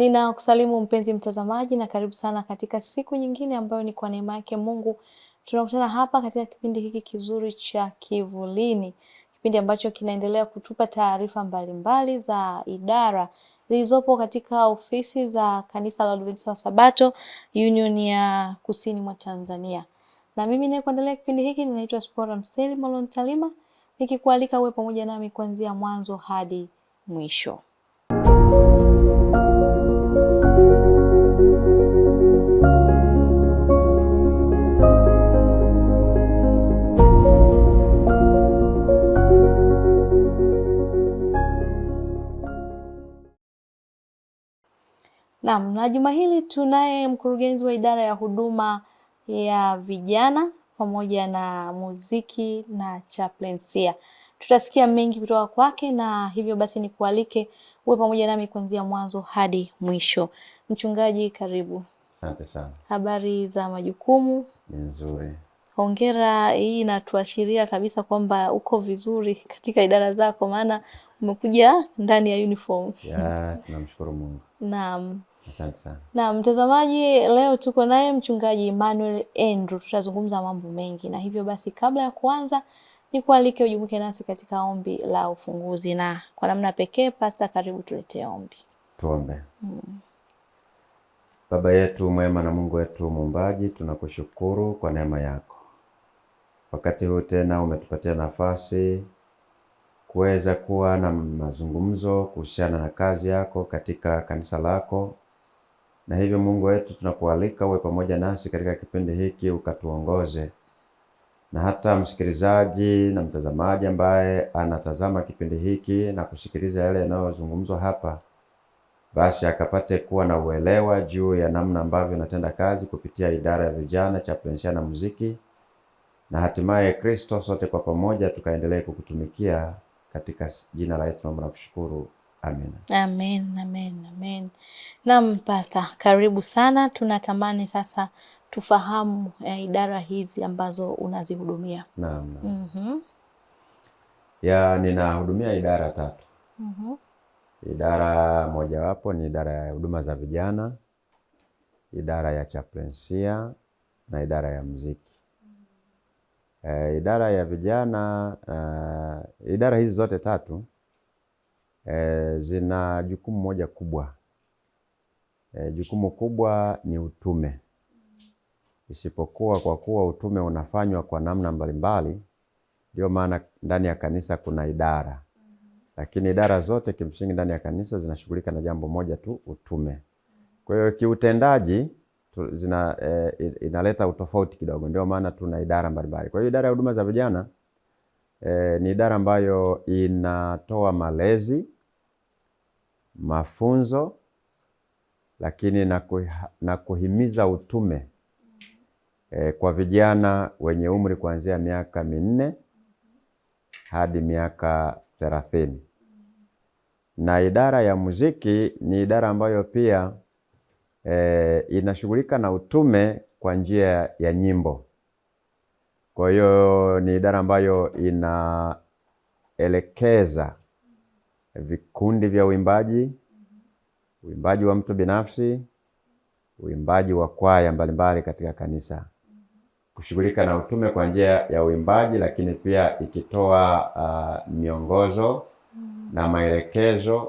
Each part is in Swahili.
Ninakusalimu mpenzi mtazamaji, na karibu sana katika siku nyingine ambayo ni kwa neema yake Mungu tunakutana hapa katika kipindi hiki kizuri cha Kivulini, kipindi ambacho kinaendelea kutupa taarifa mbalimbali za idara zilizopo katika ofisi za Kanisa la Waadventista wa Sabato Union ya Kusini mwa Tanzania. Na mimi nayekuandalia kipindi hiki ninaitwa Spora Mseli Molon Talima, nikikualika uwe pamoja nami kuanzia mwanzo hadi mwisho. Naam, na juma hili tunaye mkurugenzi wa idara ya huduma ya vijana pamoja na muziki na chaplensia. Tutasikia mengi kutoka kwake, na hivyo basi nikualike uwe pamoja nami kuanzia mwanzo hadi mwisho. Mchungaji, karibu. Asante sana. Habari za majukumu? Nzuri. Hongera, hii inatuashiria kabisa kwamba uko vizuri katika idara zako, maana umekuja ndani ya uniform. Ya, tunamshukuru Mungu. Naam. Asante sana. Na mtazamaji, leo tuko naye mchungaji Emmanuel Andrew, tutazungumza mambo mengi, na hivyo basi, kabla ya kuanza, ni kualike ujumuke nasi katika ombi la ufunguzi, na kwa namna pekee, Pasta, karibu tuletee ombi. Tuombe. hmm. Baba yetu mwema na Mungu wetu muumbaji, tunakushukuru kwa neema yako. Wakati huu tena umetupatia nafasi kuweza kuwa na mazungumzo kuhusiana na kazi yako katika kanisa lako, na hivyo Mungu wetu, tunakualika uwe pamoja nasi katika kipindi hiki ukatuongoze, na hata msikilizaji na mtazamaji ambaye anatazama kipindi hiki na kusikiliza yale yanayozungumzwa hapa, basi akapate kuwa na uelewa juu ya namna ambavyo natenda kazi kupitia idara ya vijana cha na Muziki, na hatimaye Kristo, sote kwa pamoja tukaendelee kukutumikia katika jina la Yesu kushukuru. Amen. Amen, amen, amen. Naam, Pasta, karibu sana. Tunatamani sasa tufahamu eh, idara hizi ambazo unazihudumia. Naam. mm -hmm. Ya, ninahudumia idara tatu. mm -hmm. Idara mojawapo ni idara ya huduma za vijana, idara ya chaplensia na idara ya muziki. E, idara ya vijana uh, idara hizi zote tatu e, zina jukumu moja kubwa e, jukumu kubwa ni utume, isipokuwa kwa kuwa utume unafanywa kwa namna mbalimbali, ndio maana ndani ya kanisa kuna idara, lakini idara zote kimsingi ndani ya kanisa zinashughulika na jambo moja tu, utume. Kwa hiyo kiutendaji tu, zina, e, inaleta utofauti kidogo, ndio maana tuna idara mbalimbali. Kwa hiyo idara ya huduma za vijana e, ni idara ambayo inatoa malezi, mafunzo lakini na, na kuhimiza utume e, kwa vijana wenye umri kuanzia miaka minne hadi miaka thelathini. Na idara ya muziki ni idara ambayo pia e, inashughulika na utume kwa njia ya nyimbo. Kwa hiyo ni idara ambayo inaelekeza vikundi vya uimbaji uimbaji wa mtu binafsi, uimbaji wa kwaya mbalimbali katika kanisa, kushughulika na utume kwa njia ya uimbaji, lakini pia ikitoa uh, miongozo na maelekezo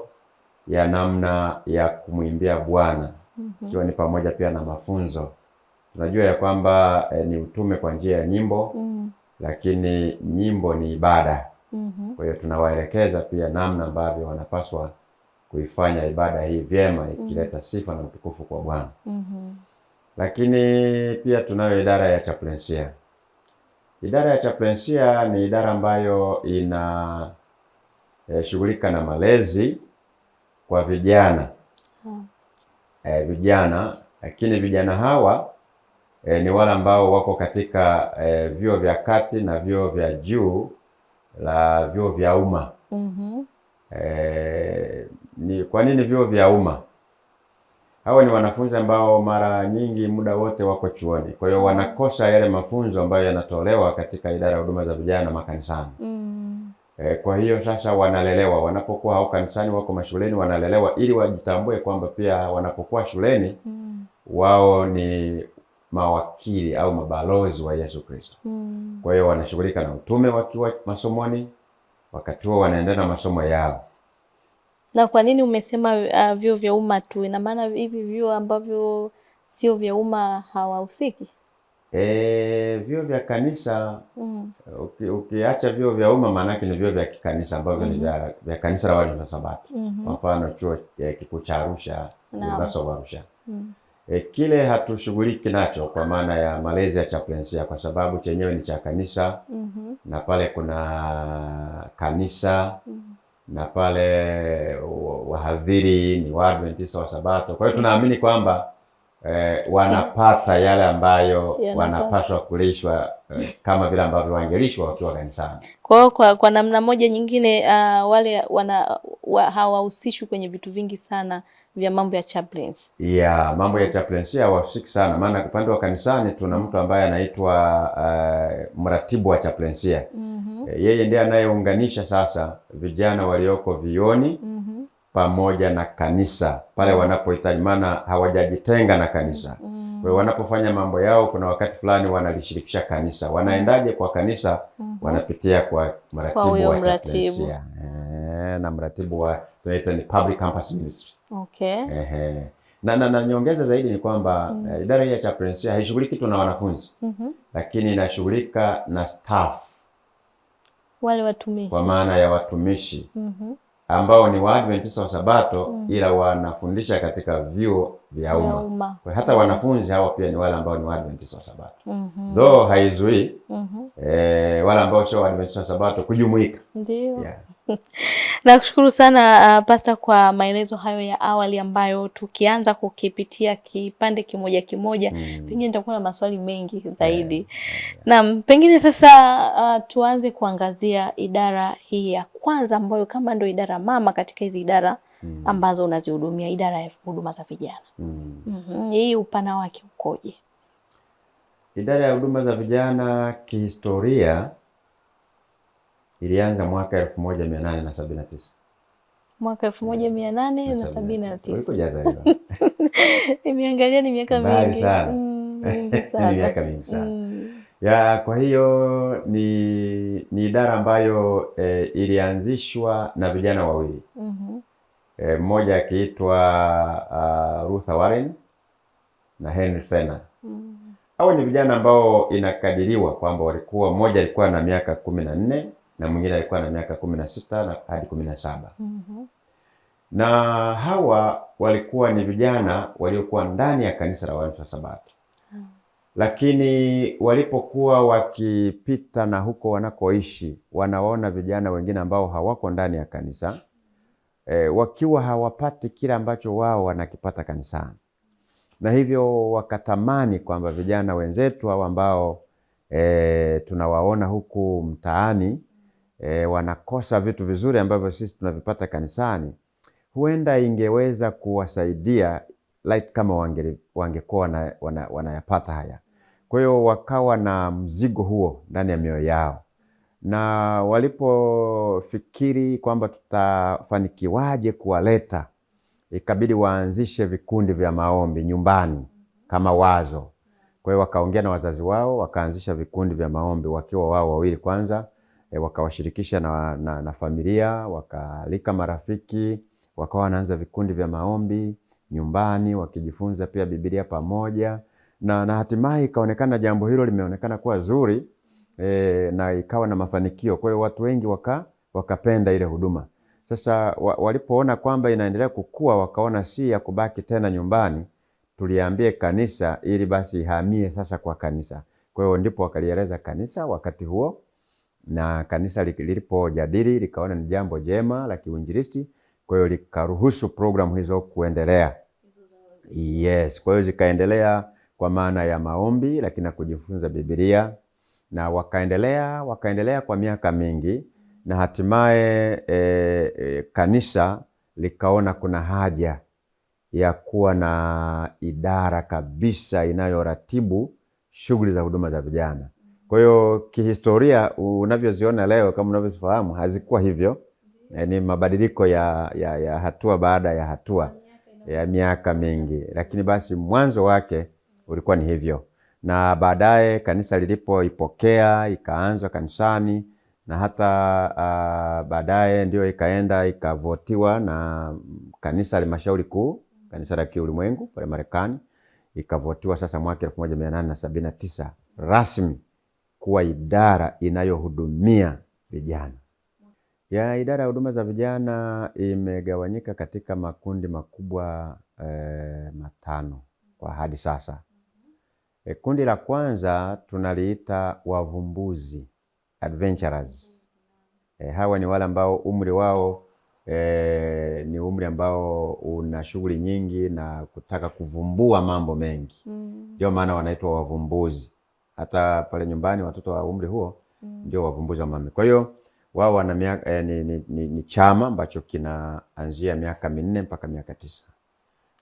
ya namna ya kumwimbia Bwana mhm. ikiwa mm -hmm. ni pamoja pia na mafunzo. Tunajua ya kwamba eh, ni utume kwa njia ya nyimbo mm -hmm. lakini nyimbo ni ibada mm -hmm. kwa hiyo tunawaelekeza pia namna ambavyo wanapaswa kuifanya ibada hii vyema mhm. ikileta sifa na utukufu kwa Bwana. mm -hmm. Lakini pia tunayo idara ya chaplensia. Idara ya chaplensia ni idara ambayo inashughulika eh, e, na malezi kwa vijana hmm. E, vijana lakini vijana hawa e, ni wale ambao wako katika e, vyuo vya kati na vyuo vya juu la vyuo vya umma mm -hmm. E, ni kwa nini vyuo vya umma? Hawa ni wanafunzi ambao mara nyingi muda wote wako chuoni, kwa hiyo wanakosa yale mafunzo ambayo yanatolewa katika idara ya huduma za vijana makanisani. Mm. E, kwa hiyo sasa wanalelewa wanapokuwa hao kanisani, wako mashuleni, wanalelewa ili wajitambue kwamba pia wanapokuwa shuleni mm. wao ni mawakili au mabalozi wa Yesu Kristo. Mm. Kwa hiyo wanashughulika na utume wakiwa masomoni, wakati huo wanaendelea na masomo yao. Na kwa nini umesema uh, vyuo vya umma tu? Ina maana hivi vyuo ambavyo sio vya umma hawahusiki? E, eh, vyuo vya kanisa mm. Ukiacha uki vyuo vya umma maanake ni vyuo vya kikanisa ambavyo mm -hmm. ni vya, mm-hmm. vya kanisa la watu wa Sabato mm -hmm. Kwa mfano chuo eh, kikuu cha Arusha Universal Arusha mm. E, kile hatushughuliki nacho kwa maana ya malezi ya chaplainsia kwa sababu chenyewe ni cha kanisa mm -hmm. na pale kuna kanisa mm -hmm na pale wahadhiri ni Waadventista wa Sabato. Kwa hiyo tunaamini kwamba eh, wanapata yale ambayo yeah, wanapaswa kulishwa eh, kama vile ambavyo wangelishwa wakiwa kanisani. Kwa hiyo kwa, kwa namna moja nyingine uh, wale wana hawahusishwi kwenye vitu vingi sana vya mambo ya chaplains. Yeah, mambo ya chaplains ya wafiki sana, maana upande wa kanisani tuna mtu ambaye anaitwa uh, mratibu wa chaplainsia mm -hmm. Eh, yeye ndiye anayeunganisha sasa vijana walioko vioni mm -hmm. pamoja na kanisa pale wanapohitaji, maana hawajajitenga na kanisa mm -hmm. Kwa wanapofanya mambo yao kuna wakati fulani wanalishirikisha kanisa. Wanaendaje kwa kanisa? mm -hmm. Wanapitia kwa mratibu wa chaplainsia eh, na mratibu wa tunaita ni public campus ministry. Okay. Eh, na, na, na nyongeza zaidi ni kwamba mm. eh, idara ya chaplaincy haishughuliki tu na wanafunzi mm -hmm. lakini inashughulika na staff wale watumishi, kwa maana ya watumishi mm -hmm. ambao ni Waadventista wa Sabato mm. -hmm. ila wanafundisha katika vyuo vya umma. Kwa hata wanafunzi hawa pia ni wale ambao ni Waadventista wa Sabato mm -hmm. though haizuii mm -hmm. eh, wale ambao sio Waadventista wa Sabato kujumuika. Ndio. Yeah. Nakushukuru sana uh, Pasta kwa maelezo hayo ya awali ambayo tukianza kukipitia kipande kimoja kimoja mm. pengine nitakuwa na maswali mengi eh, zaidi yeah. Eh. Naam, pengine sasa uh, tuanze kuangazia idara hii ya kwanza ambayo kama ndio idara mama katika hizi idara mm. ambazo unazihudumia, idara ya huduma za vijana mm. mm -hmm. Hii upana wake ukoje? Idara ya huduma za vijana kihistoria ilianza mwaka elfu moja mia nane na na sabini tisa Mwaka elfu moja mia 1879. Nimeangalia ni miaka mingi sana. Mm, ni miaka mingi sana. Mm. Ya, kwa hiyo ni, ni idara ambayo e, ilianzishwa na vijana wawili mhm. e, mmoja mm -hmm. e, akiitwa uh, Ruther Warren na Henry Fena mm -hmm. au ni vijana ambao inakadiriwa kwamba walikuwa mmoja alikuwa na miaka kumi na nne mm na mwingine alikuwa na miaka kumi na sita na hadi kumi na saba mm -hmm. na hawa walikuwa ni vijana waliokuwa ndani ya kanisa la Waadventista wa Sabato mm -hmm. lakini walipokuwa wakipita na huko wanakoishi, wanaona vijana wengine ambao hawako ndani ya kanisa e, wakiwa hawapati kile ambacho wao wanakipata kanisani na hivyo wakatamani kwamba vijana wenzetu hao ambao e, tunawaona huku mtaani e, wanakosa vitu vizuri ambavyo sisi tunavipata kanisani, huenda ingeweza kuwasaidia like kama wange, wanayapata wana, wana, haya. Kwa hiyo wakawa na mzigo huo ndani ya mioyo yao, na walipofikiri kwamba tutafanikiwaje kuwaleta, ikabidi waanzishe vikundi vya maombi nyumbani kama wazo. Kwa hiyo wakaongea na wazazi wao, wakaanzisha vikundi vya maombi wakiwa wao wawili kwanza e, wakawashirikisha na, na, na familia, wakaalika marafiki, wakawa wanaanza vikundi vya maombi nyumbani, wakijifunza pia Biblia pamoja na, na hatimaye ikaonekana jambo hilo limeonekana kuwa zuri e, na ikawa na mafanikio. Kwa hiyo watu wengi waka, wakapenda ile huduma. Sasa wa, walipoona kwamba inaendelea kukua, wakaona si ya kubaki tena nyumbani, tuliambie kanisa ili basi ihamie sasa kwa kanisa. Kwa hiyo ndipo wakalieleza kanisa wakati huo na kanisa lilipojadili likaona ni jambo jema la kiinjilisti, kwa hiyo likaruhusu programu hizo kuendelea. Yes, kwa hiyo zikaendelea kwa maana ya maombi, lakini na kujifunza Biblia na wakaendelea wakaendelea kwa miaka mingi, na hatimaye e, e, kanisa likaona kuna haja ya kuwa na idara kabisa inayoratibu shughuli za huduma za vijana. Kwa hiyo kihistoria, unavyoziona leo kama unavyozifahamu, hazikuwa hivyo. -hmm. ni mabadiliko ya, ya, ya hatua baada ya hatua ya miaka mingi, lakini basi mwanzo wake ulikuwa ni hivyo, na baadaye kanisa lilipoipokea ikaanzwa kanisani na hata uh, baadaye ndio ikaenda ikavotiwa na kanisa halmashauri kuu, kanisa la kiulimwengu pale Marekani, ikavotiwa sasa mwaka elfu moja mia nane na sabini na tisa rasmi kuwa idara inayohudumia vijana. Ya idara ya huduma za vijana imegawanyika katika makundi makubwa e, matano kwa hadi sasa. E, kundi la kwanza tunaliita wavumbuzi adventurers. E, hawa ni wale ambao umri wao e, ni umri ambao una shughuli nyingi na kutaka kuvumbua mambo mengi, mm. ndio mm. maana wanaitwa wavumbuzi hata pale nyumbani watoto wa umri huo mm. ndio wavumbuzi wa Kwa hiyo wao wana miaka eh, ni, ni, ni, ni chama ambacho kinaanzia miaka minne mpaka miaka tisa,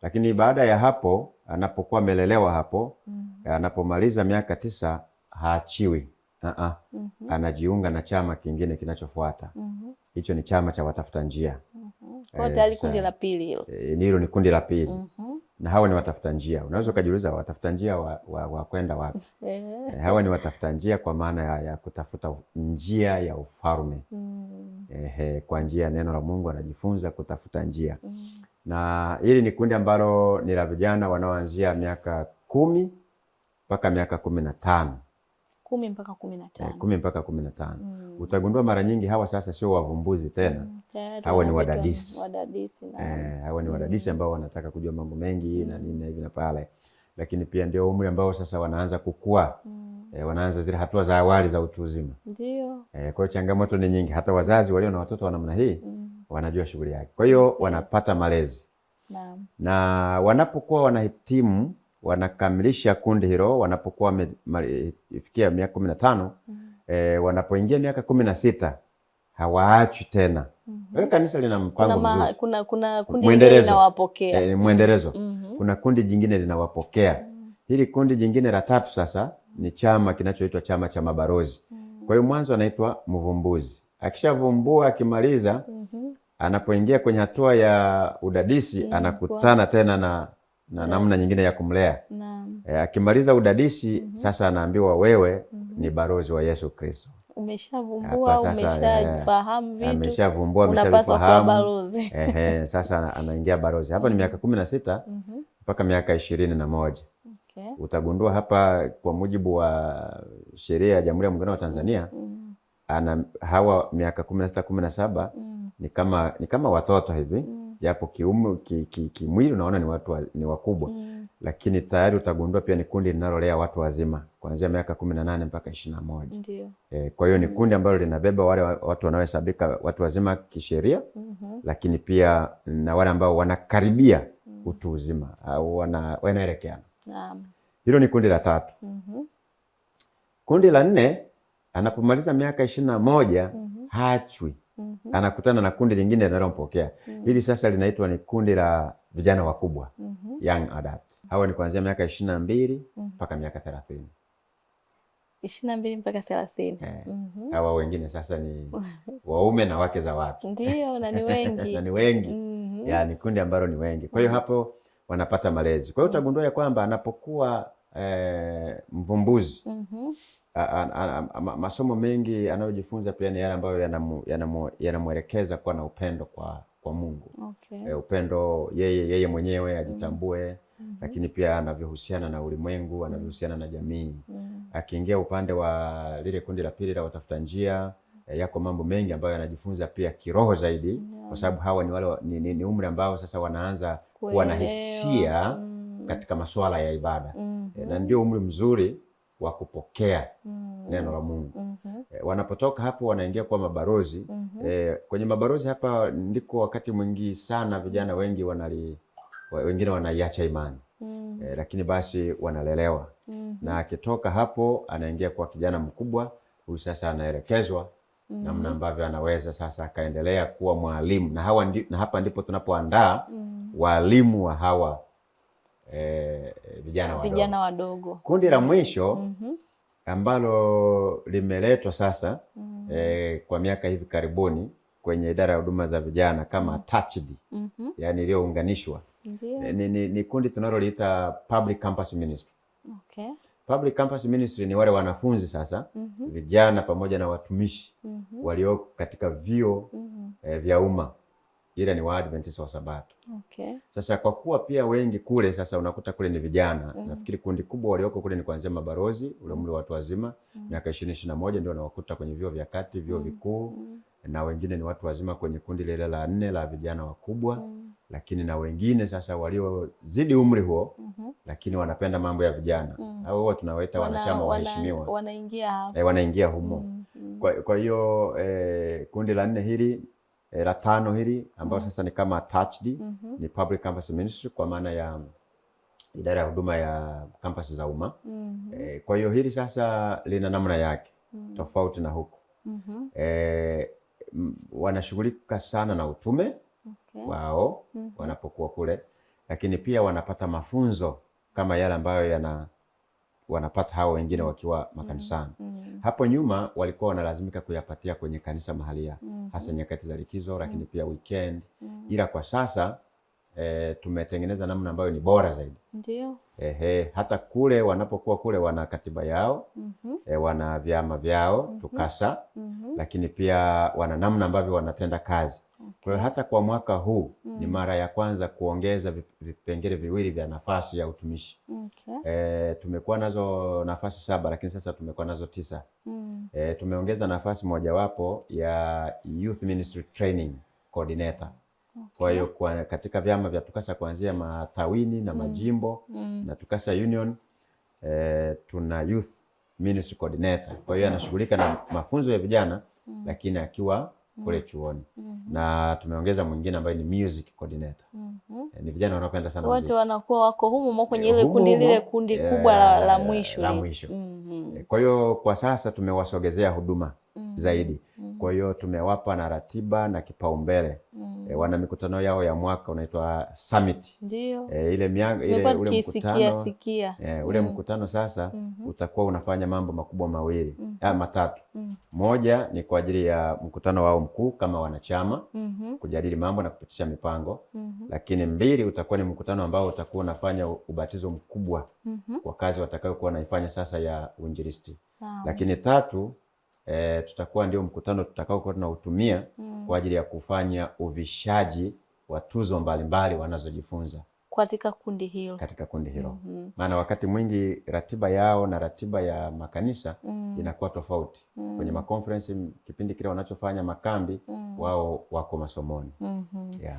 lakini baada ya hapo anapokuwa amelelewa hapo mm -hmm. anapomaliza miaka tisa haachiwi uh -uh. Mm -hmm. anajiunga na chama kingine kinachofuata mm-hmm. hicho mm -hmm. ni chama cha watafuta njia mm -hmm. kwa eh, kundi la pili hilo, eh, ni kundi la pili mm -hmm na hawa ni watafuta njia. Unaweza ukajiuliza watafuta njia wa, wa, wa kwenda wapi? Eh. Eh, hawa ni watafuta njia kwa maana ya, ya kutafuta njia ya ufalme mm. Eh, kwa njia ya neno la Mungu anajifunza kutafuta njia mm. Na hili ni kundi ambalo ni la vijana wanaoanzia miaka kumi mpaka miaka kumi na tano kumi mpaka kumi na eh, tano kumi mpaka kumi na tano mm. Utagundua mara nyingi hawa sasa sio wavumbuzi tena mm. Hawa ni wadadisi, wadadisi eh, hawa ni mm. wadadisi ambao wanataka kujua mambo mengi mm. na nini na hivi na pale, lakini pia ndio umri ambao sasa wanaanza kukua mm. eh, wanaanza zile hatua za awali za utu uzima ndio eh, kwa hiyo changamoto ni nyingi. Hata wazazi walio na watoto wa namna hii mm. wanajua shughuli yake, kwa hiyo wanapata malezi na, na wanapokuwa wanahitimu wanakamilisha kundi hilo wanapokuwa wamefikia miaka kumi na tano mm -hmm. e, wanapoingia miaka kumi na sita hawaachwi tena. mm -hmm. Kanisa lina mpango mzuri. Kuna, kuna kundi mwendelezo linawapokea e, mwendelezo mm -hmm. kuna kundi jingine linawapokea mm -hmm. hili kundi jingine la tatu sasa ni chama kinachoitwa chama cha mabalozi mm -hmm. kwa hiyo mwanzo anaitwa mvumbuzi, akishavumbua akimaliza, mm -hmm. anapoingia kwenye hatua ya udadisi mm -hmm. anakutana tena na na namna nyingine ya kumlea. Naam. Eh, akimaliza udadisi mm -hmm. Sasa anaambiwa wewe mm -hmm. ni barozi wa Yesu Kristo. Umeshavumbua, umeshafahamu eh, vitu. Ameshavumbua, ameshafahamu. Ehe, sasa anaingia barozi. Hapa ni miaka mm-hmm. kumi na sita mm-hmm. mpaka miaka ishirini na moja. Okay. Utagundua hapa kwa mujibu wa sheria ya Jamhuri ya Muungano wa Tanzania mm -hmm. ana hawa miaka kumi na sita, kumi na saba mm. ni kama ni kama watoto hivi mm -hmm japo kiume ki, ki, kimwili unaona ni watu wa, ni wakubwa mm. Lakini tayari utagundua pia ni kundi linalolea watu wazima kuanzia miaka kumi na nane mpaka ishirini na moja e, kwa hiyo ni mm. kundi ambalo linabeba wale watu wanaohesabika watu wazima kisheria mm -hmm. Lakini pia na wale ambao wanakaribia mm. utu uzima au wana, wanaelekea naam. Hilo ni kundi la tatu mm -hmm. Kundi la nne anapomaliza miaka ishirini na moja mm -hmm. haachwi -hmm. anakutana na kundi lingine linalompokea mm -hmm. Hili sasa linaitwa ni kundi la vijana wakubwa mm -hmm. young adult. Hawa ni kuanzia miaka ishirini na mbili mm-hmm. mpaka miaka thelathini ishirini na mbili mpaka thelathini yeah. mm -hmm. Hawa wengine sasa ni waume na wake za watu ndio, na ni wengi na ni wengi mm -hmm. ni kundi ambalo ni wengi, kwa hiyo mm -hmm. hapo wanapata malezi, kwa hiyo utagundua ya kwamba anapokuwa eh, mvumbuzi mm -hmm masomo mengi anayojifunza pia ni yale ambayo yanamwelekeza kuwa na upendo kwa kwa Mungu. Okay. E, upendo yeye yeye mwenyewe mm. ajitambue mm -hmm. Lakini pia anavyohusiana na ulimwengu, anavyohusiana na jamii yeah. Akiingia upande wa lile kundi la pili la watafuta njia e, yako mambo mengi ambayo anajifunza pia kiroho zaidi yeah. Kwa sababu hawa ni wale ni, ni, ni umri ambao sasa wanaanza kuwa na hisia mm -hmm. katika masuala ya ibada mm -hmm. E, na ndio umri mzuri wa kupokea mm. neno la Mungu mm -hmm. E, wanapotoka hapo wanaingia kuwa mabarozi mm -hmm. E, kwenye mabarozi hapa ndiko wakati mwingi sana vijana wengi wanali, wengine wanaiacha imani mm -hmm. E, lakini basi wanalelewa mm -hmm. na akitoka hapo anaingia kuwa kijana mkubwa, huyu sasa anaelekezwa Mm -hmm. namna ambavyo anaweza sasa akaendelea kuwa mwalimu na hawa ndi, na hapa ndipo tunapoandaa mm -hmm. walimu wa hawa eh, vijana wadogo, vijana wadogo. Kundi la mwisho mm -hmm. ambalo limeletwa sasa mm -hmm. eh, kwa miaka hivi karibuni kwenye idara ya huduma za vijana kama attached mhm. mm -hmm. yani iliyounganishwa ni, eh, ni, ni, ni kundi tunaloliita public campus ministry. Okay. Public campus ministry ni wale wanafunzi sasa mm -hmm. vijana pamoja na watumishi mm -hmm. walioko katika vio mm -hmm. eh, vya umma mm ile ni Waadventista wa Sabato. Okay. Sasa kwa kuwa pia wengi kule sasa unakuta kule ni vijana mm. Nafikiri kundi kubwa walioko kule ni kuanzia mabarozi ule mm-hmm. umri wa watu wazima mm-hmm. miaka mm. ishirini ishirini na moja ndio unawakuta kwenye vyuo vya kati vyuo vikuu mm. na wengine ni watu wazima kwenye kundi lile la nne la vijana wakubwa mm. Lakini na wengine sasa waliozidi umri huo mm -hmm. Lakini wanapenda mambo ya vijana mm. au huwa tunawaita wana, wanachama waheshimiwa wanaingia wana e, eh, wanaingia humo mm. Kwa hiyo kwa eh, kundi la nne hili eh, la tano hili ambayo mm. sasa ni kama attached mm -hmm. ni public campus ministry kwa maana ya mm, idara ya huduma ya kampasi za umma mm -hmm. E, kwa hiyo hili sasa lina namna yake mm -hmm. tofauti na huku mm -hmm. eh, wanashughulika sana na utume okay. wao mm -hmm. wanapokuwa kule, lakini pia wanapata mafunzo kama yale ambayo yana wanapata hao wengine mm. wakiwa mm. makanisani. mm -hmm. Hapo nyuma walikuwa wanalazimika kuyapatia kwenye kanisa mahalia mm -hmm. hasa nyakati za likizo, lakini mm -hmm. pia weekend mm -hmm. ila kwa sasa e, tumetengeneza namna ambayo ni bora zaidi. Ndio. he, hata kule wanapokuwa kule wana katiba yao mm -hmm. e, wana vyama vyao mm -hmm. tukasa mm -hmm. lakini pia wana namna ambavyo wanatenda kazi kwa hiyo hata kwa mwaka huu mm. ni mara ya kwanza kuongeza vipengele viwili vya nafasi ya utumishi okay. E, tumekuwa nazo nafasi saba lakini sasa tumekuwa nazo tisa mm. E, tumeongeza nafasi mojawapo ya Youth Ministry Training Coordinator okay. Kwa hiyo kwa katika vyama vya TUCASA kuanzia matawini na mm. majimbo mm. na TUCASA Union e, tuna Youth Ministry Coordinator. Kwa hiyo anashughulika na mafunzo ya vijana mm. lakini akiwa kule mm-hmm. chuoni mm -hmm. na tumeongeza mwingine ambaye ni music coordinator mm -hmm. ni vijana wanaopenda sana wote wanakuwa wako humo mo kwenye eh, ile kundi lile kundi eh, kubwa la, la mwisho la mwisho mm -hmm. kwa hiyo kwa sasa tumewasogezea huduma mm -hmm zaidi. Mm. Kwa hiyo tumewapa na ratiba na kipaumbele mm. E, wana mikutano yao ya mwaka unaitwa summit. Ndio. E, ile mianga ile ule mkutano, sikia. E, ule mm. mkutano sasa mm -hmm. utakuwa unafanya mambo makubwa mawili mm -hmm. matatu mm -hmm. moja ni kwa ajili ya mkutano wao mkuu kama wanachama mm -hmm. kujadili mambo na kupitisha mipango mm -hmm. lakini mbili utakuwa ni mkutano ambao utakuwa unafanya ubatizo mkubwa mm -hmm. kwa kazi watakayokuwa wanaifanya sasa ya uinjilisti, lakini tatu e, tutakuwa ndio mkutano tutakaokuwa tunautumia mm. kwa ajili ya kufanya uvishaji wa tuzo mbalimbali wanazojifunza katika kundi hilo katika kundi hilo mm-hmm. maana mm -hmm. wakati mwingi ratiba yao na ratiba ya makanisa mm -hmm. inakuwa tofauti mm -hmm. kwenye makonferensi, kipindi kile wanachofanya makambi mm -hmm. wao wako masomoni mm -hmm. yeah.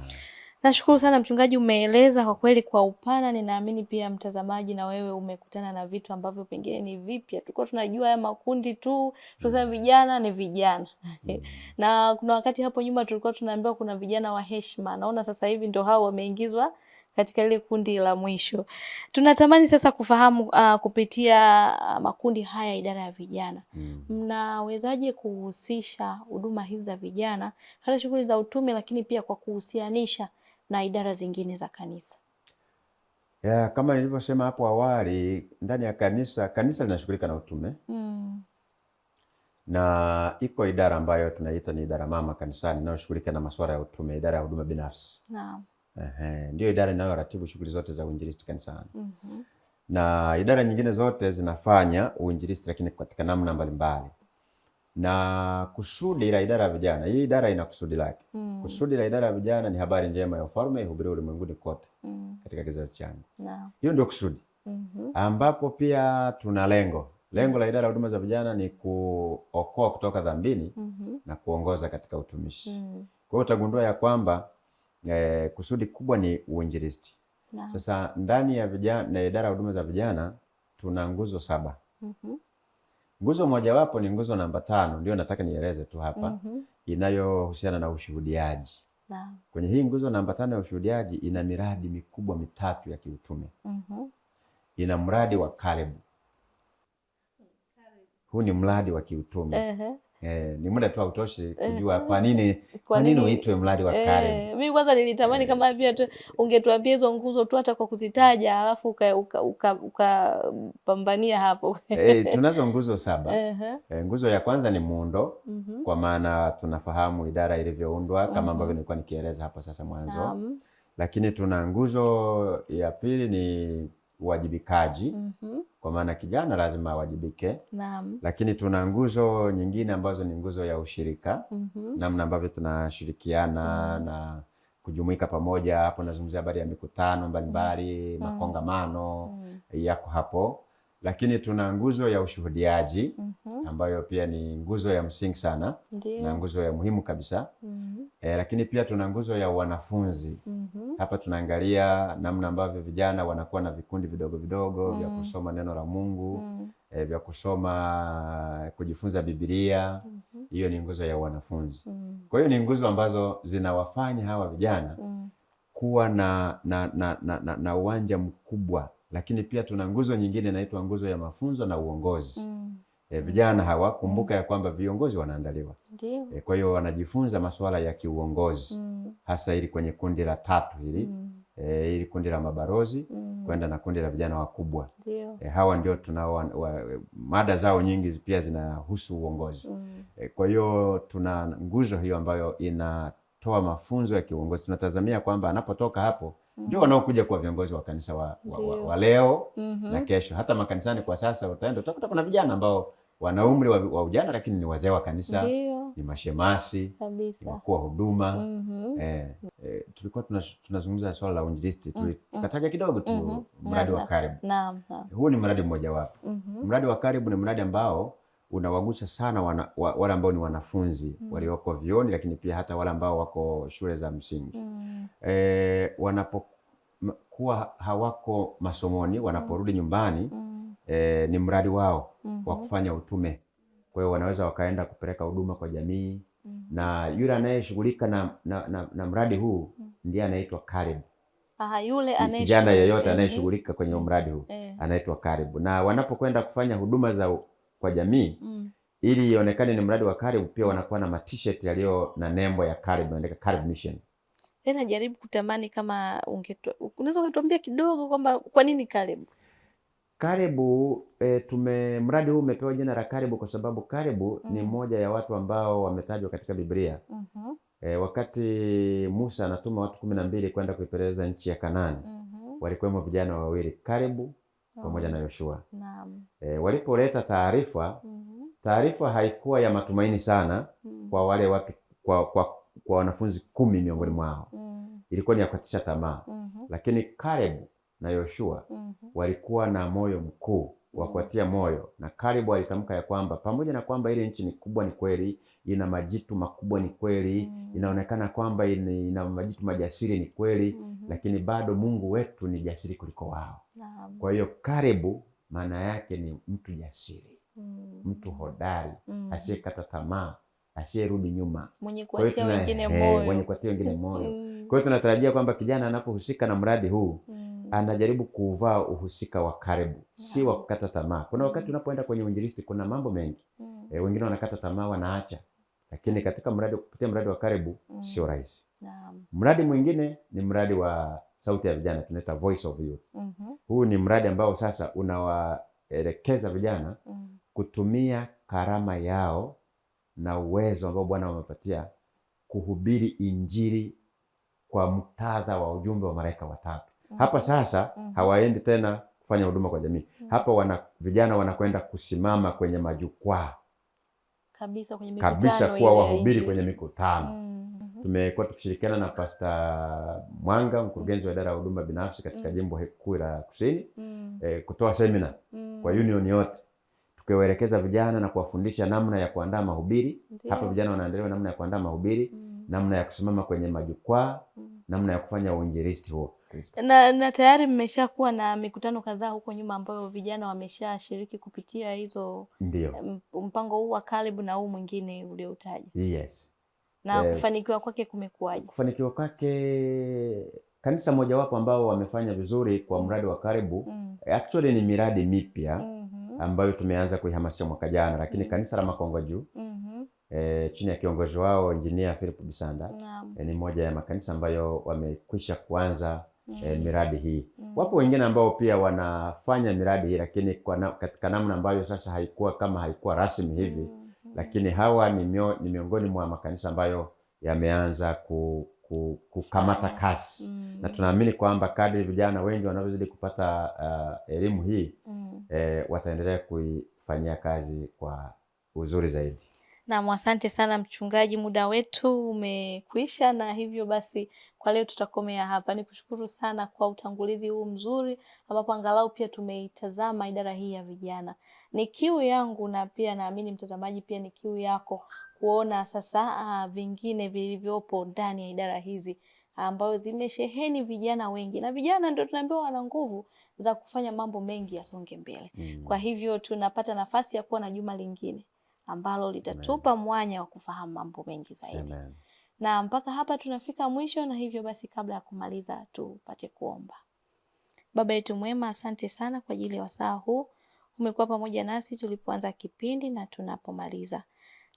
Nashukuru sana mchungaji, umeeleza kwa kweli kwa upana. Ninaamini pia mtazamaji na wewe umekutana na vitu ambavyo pengine ni vipya. Tulikuwa tunajua haya makundi tu, tunasema vijana ni vijana na kuna wakati hapo nyuma tulikuwa tunaambiwa kuna vijana wa heshima. Naona sasa hivi ndo hao wameingizwa katika ile kundi la mwisho. Tunatamani sasa kufahamu uh, kupitia uh, makundi haya idara ya vijana mm, mnawezaje kuhusisha huduma hizi za vijana hata shughuli za utume, lakini pia kwa kuhusianisha na idara zingine za kanisa. Ya, kama nilivyosema hapo awali, ndani ya kanisa kanisa linashughulika na utume mm. na iko idara ambayo tunaita ni idara mama kanisani inayoshughulika na masuala ya utume, idara ya huduma binafsi naam. ndiyo idara inayoratibu shughuli zote za uinjilisti kanisani mm -hmm. na idara nyingine zote zinafanya uinjilisti, lakini katika namna mbalimbali na kusudi la idara ya vijana. Hii idara ina kusudi lake mm. Kusudi la idara ya vijana ni habari njema ya ufalme ihubiri ulimwenguni kote mm. katika kizazi changu no. Hiyo ndio kusudi mm -hmm. ambapo pia tuna lengo lengo la idara ya huduma za vijana ni kuokoa kutoka dhambini mm -hmm. na kuongoza katika utumishi mm. Kwa hiyo utagundua ya kwamba eh, kusudi kubwa ni uinjilisti no. Sasa ndani ya vijana na idara ya huduma za vijana tuna nguzo saba mm -hmm. Nguzo mojawapo ni nguzo namba tano, ndio nataka nieleze tu hapa mm -hmm. inayohusiana na ushuhudiaji na. Kwenye hii nguzo namba tano ya ushuhudiaji ina miradi mikubwa mitatu ya kiutume mm -hmm. ina mradi wa Kalebu, huu ni mradi wa kiutume uh -huh. Eh, ni muda tu autoshi eh, kujua ah, kwa nini kwa nini uitwe mradi wa eh, Karen. Eh, mimi kwanza nilitamani eh, kama hivi ungetuambia hizo nguzo tu hata kwa kuzitaja alafu ukapambania uka, uka, uka hapo. Eh, tunazo nguzo saba. Eh, nguzo ya kwanza ni muundo mm -hmm. Kwa maana tunafahamu idara ilivyoundwa kama mm -hmm. ambavyo nilikuwa nikieleza hapo sasa mwanzo. Naam. Lakini tuna nguzo ya pili ni uwajibikaji mm -hmm. Kwa maana kijana lazima awajibike. Naam. Lakini tuna nguzo nyingine ambazo ni nguzo ya ushirika mm -hmm. Namna ambavyo tunashirikiana mm -hmm. na kujumuika pamoja. Hapo nazungumzia habari ya mikutano mbalimbali mm -hmm. makongamano mm -hmm. yako hapo lakini tuna nguzo ya ushuhudiaji mm -hmm. ambayo pia ni nguzo ya msingi sana Ndiyo. na nguzo ya muhimu kabisa mm -hmm. e, lakini pia tuna nguzo ya wanafunzi mm -hmm. hapa tunaangalia namna ambavyo vijana wanakuwa na vikundi vidogo vidogo mm -hmm. vya mhm. kusoma neno la Mungu mm -hmm. e, vya kusoma kujifunza Biblia mhm. hiyo mm -hmm. ni nguzo ya wanafunzi mm -hmm. kwa hiyo ni nguzo ambazo zinawafanya hawa vijana mm -hmm. kuwa na na na uwanja na, na, uwanja mkubwa lakini pia tuna nguzo nyingine inaitwa nguzo ya mafunzo na uongozi mm. E, vijana hawa kumbuka mm. ya kwamba viongozi wanaandaliwa e, kwa hiyo wanajifunza masuala ya kiuongozi mm. hasa ili kwenye kundi la tatu hili mm. e, ili kundi la mabarozi mm. kwenda na kundi la vijana wakubwa e, hawa ndio tuna mada zao nyingi pia zinahusu uongozi mm. e, kwa hiyo tuna nguzo hiyo ambayo inatoa mafunzo ya kiuongozi. Tunatazamia kwamba anapotoka hapo ndio wanaokuja kuwa viongozi wa kanisa wa, wa, wa, wa leo mm -hmm. na kesho. Hata makanisani kwa sasa utaenda utakuta kuna vijana ambao wana umri wa, wa ujana lakini ni wazee wa kanisa Ndiyo. ni mashemasi kabisa, wakuu wa huduma mm -hmm. eh, eh, tulikuwa tunazungumza tuna swala la uinjilisti mm -hmm. kidogo tu mm -hmm. mradi wa karibu. huu ni mradi mmoja wapo. mm -hmm. mradi wa karibu ni mradi ambao unawagusa sana wana, wa, wale ambao ni wanafunzi mm. walioko vioni, lakini pia hata wale ambao wako shule za msingi mm. e, eh, wanapokuwa hawako masomoni wanaporudi mm. nyumbani mm. e, ni mradi wao mm -hmm. wa kufanya utume. Kwa hiyo wanaweza wakaenda kupeleka huduma kwa jamii mm. -hmm. na yule anayeshughulika na, na, na, na mradi huu mm. -hmm. ndiye anaitwa karibu Aha, yule kijana yeyote anayeshughulika kwenye mradi huu eh, anaitwa karibu, na wanapokwenda kufanya huduma za kwa jamii mm. ili ionekane ni mradi wa Karibu. Pia wanakuwa na matisheti yaliyo na nembo ya Karibu, naandika Karibu Mission. Najaribu kutamani kama unaweza ukatuambia kidogo kwamba kwa nini Karibu? Karibu e, tume mradi huu umepewa jina la Karibu kwa sababu Karibu mm. ni mmoja ya watu ambao wametajwa katika Biblia mm -hmm. E, wakati Musa anatuma watu kumi na mbili kwenda kuipeleleza nchi ya Kanaani mm -hmm. walikuwemo vijana wawili Karibu pamoja na Yoshua. Naam. E, walipoleta taarifa, mhm. taarifa haikuwa ya matumaini sana mhm. kwa wale watu kwa, kwa, kwa wanafunzi kumi miongoni mwao mhm. ilikuwa ni ya kukatisha tamaa lakini Caleb na Yoshua walikuwa na moyo mkuu wa kuwatia moyo, na Caleb alitamka ya kwamba pamoja na kwamba ile nchi ni kubwa, ni kweli ina majitu makubwa ni kweli mm. Inaonekana kwamba ina ina majitu majasiri ni kweli mm -hmm. Lakini bado Mungu wetu ni jasiri kuliko wao Naam. Kwa hiyo karibu maana yake ni mtu jasiri mm. Mtu hodari mm. Asiyekata tamaa, asiyerudi nyuma, mwenye kuatia wengine eh, moyo mm. Kwa hiyo tunatarajia kwamba kijana anapohusika na mradi huu mm. anajaribu kuvaa uhusika wa karibu yeah. Si wa kukata tamaa. Kuna wakati mm. unapoenda kwenye uinjilisti kuna mambo mengi mm. E, wengine wanakata tamaa wanaacha mm lakini katika mradi kupitia mradi wa Karibu mm. sio rahisi. Naam. Mradi mwingine ni mradi wa sauti ya vijana tunaita Voice of Youth. Mm -hmm. Huu ni mradi ambao sasa unawaelekeza vijana mm. kutumia karama yao na uwezo ambao Bwana wamepatia kuhubiri Injili kwa muktadha wa ujumbe wa malaika watatu. Mm -hmm. Hapa sasa mm -hmm. hawaendi tena kufanya huduma kwa jamii. Mm -hmm. Hapa wana, vijana wanakwenda kusimama kwenye majukwaa kabisa kwenye mikutano kabisa kuwa wahubiri kwenye mikutano mm Tumekuwa tukishirikiana na Pasta Mwanga, mkurugenzi wa idara ya huduma binafsi katika mm jimbo kuu la Kusini mm eh, kutoa semina mm kwa union yote tukiwaelekeza vijana na kuwafundisha namna ya kuandaa mahubiri Ndiyo. Hapa vijana wanaendelewa namna ya kuandaa mahubiri mm namna ya kusimama kwenye majukwaa mm namna ya kufanya uinjilisti huo na, na tayari mmeshakuwa na mikutano kadhaa huko nyuma ambayo vijana wameshashiriki kupitia hizo eh, mpango huu wa Karibu na huu mwingine ulioutaja. Yes. na eh, kufanikiwa kwake kumekuwaje? Kufanikiwa kwake kanisa mojawapo ambao wamefanya vizuri kwa mm. mradi wa Karibu mm. actually ni miradi mipya mm -hmm. ambayo tumeanza kuihamasisha mwaka jana, lakini mm. kanisa la Makongo Juu mm -hmm. E, chini ya kiongozi wao Injinia Philip Bisanda E, eh, ni moja ya makanisa ambayo wamekwisha kuanza mm. eh, miradi hii mm. Wapo wengine ambao pia wanafanya miradi hii lakini kwa na, katika namna ambayo sasa haikuwa kama haikuwa rasmi hivi mm. mm. Lakini hawa ni, mio, ni miongoni mwa makanisa ambayo yameanza ku, ku, kukamata kasi mm. Na tunaamini kwamba kadri vijana wengi wanavyozidi kupata uh, elimu hii mm. eh, wataendelea kuifanyia kazi kwa uzuri zaidi. Naam, asante sana mchungaji, muda wetu umekwisha, na hivyo basi kwa leo tutakomea hapa. ni kushukuru sana kwa utangulizi huu mzuri, ambapo angalau pia tumeitazama idara hii ya vijana. Ni kiu yangu na pia naamini mtazamaji pia ni kiu yako kuona sasa ah, vingine vilivyopo ndani ya idara hizi ambayo zimesheheni vijana wengi, na vijana ndio tunaambiwa wana nguvu za kufanya mambo mengi yasonge mbele mm. Kwa hivyo tunapata nafasi ya kuwa na juma lingine ambalo litatupa Amen. mwanya wa kufahamu mambo mengi zaidi Amen na mpaka hapa tunafika mwisho, na hivyo basi, kabla ya kumaliza, tupate kuomba. Baba yetu mwema, asante sana kwa ajili ya wasaa huu, umekuwa pamoja nasi tulipoanza kipindi na tunapomaliza.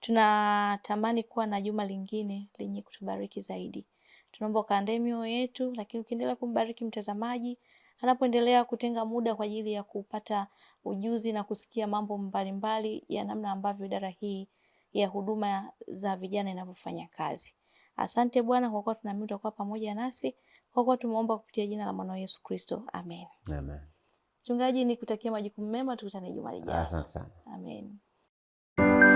Tunatamani kuwa na juma lingine lenye kutubariki zaidi. Tunaomba ukaandae mioyo yetu, lakini ukiendelea kumbariki mtazamaji anapoendelea kutenga muda kwa ajili ya kupata ujuzi na kusikia mambo mbalimbali ya namna ambavyo idara hii ya huduma za vijana inavyofanya kazi. Asante Bwana kwa kuwa tunaamini utakuwa pamoja nasi, kwa kuwa tumeomba kupitia jina la mwanao Yesu Kristo, amen. Amen. Mchungaji, kutakia majukumu mema, tukutane juma lijalo. Asante sana. Amen.